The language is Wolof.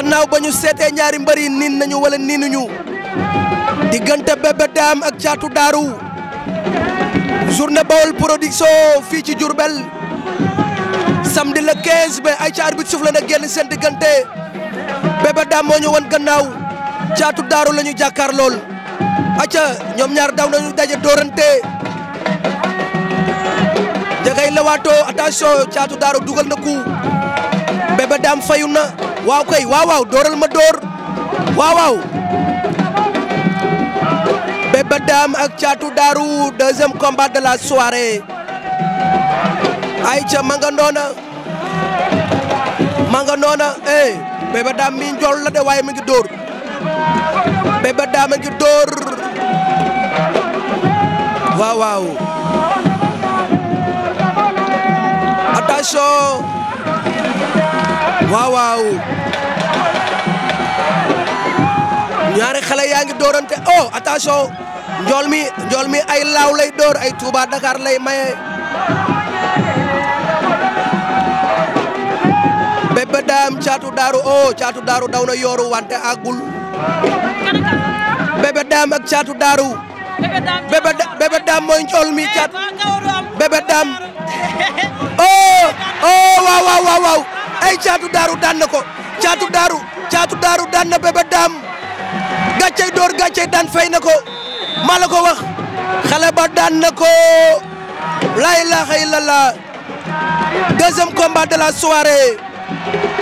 gannaaw ba ñu seetee ñaari mbër yi niin nañu wala niinuñu diggante Bébé Dame ak Caatu Daaru journée Baol Production fii ci Diourbel samedi le 15 mai ay ca arbitre suuf la na génn seen diggante Bébé moo ñu won gannaaw Caatu Daaru la ñu jàkkaar lool acca ñoom ñaar daw nañu daje dóorante jagay lewaatoo attention Caatu Daaru dugal na ku Bébé Dame na waaw kay waaw waaw dooral ma door waaw waaw Bébé Dame ak Thiatou Darou deuxième combat de la soirée ayca ma nga noona ma noona eh Bébé Dame mi njool la de waaye mi ngi dóor Bébé Dame a dóor waaw waaw attention waaw waaw ñaari xale yaa ngi doorante oh attention njool mi njool mi ay laaw lay door ay Touba Dakar lay maye Bébé Dame Thiatou Darou oh Thiatou daw na yooru wante àggul Bébé Dame ak Thiatou Darou Bébé mooy njool mi Thiatou Bébé Dame oh! caatu daaru daan na ko caatu daaru caatu daaru daan na bébé daam gàccey door gàccey daan fay na ko maa la ko wax xale ba daan na ko laa ilaaha illallah deuxième combat de la soirée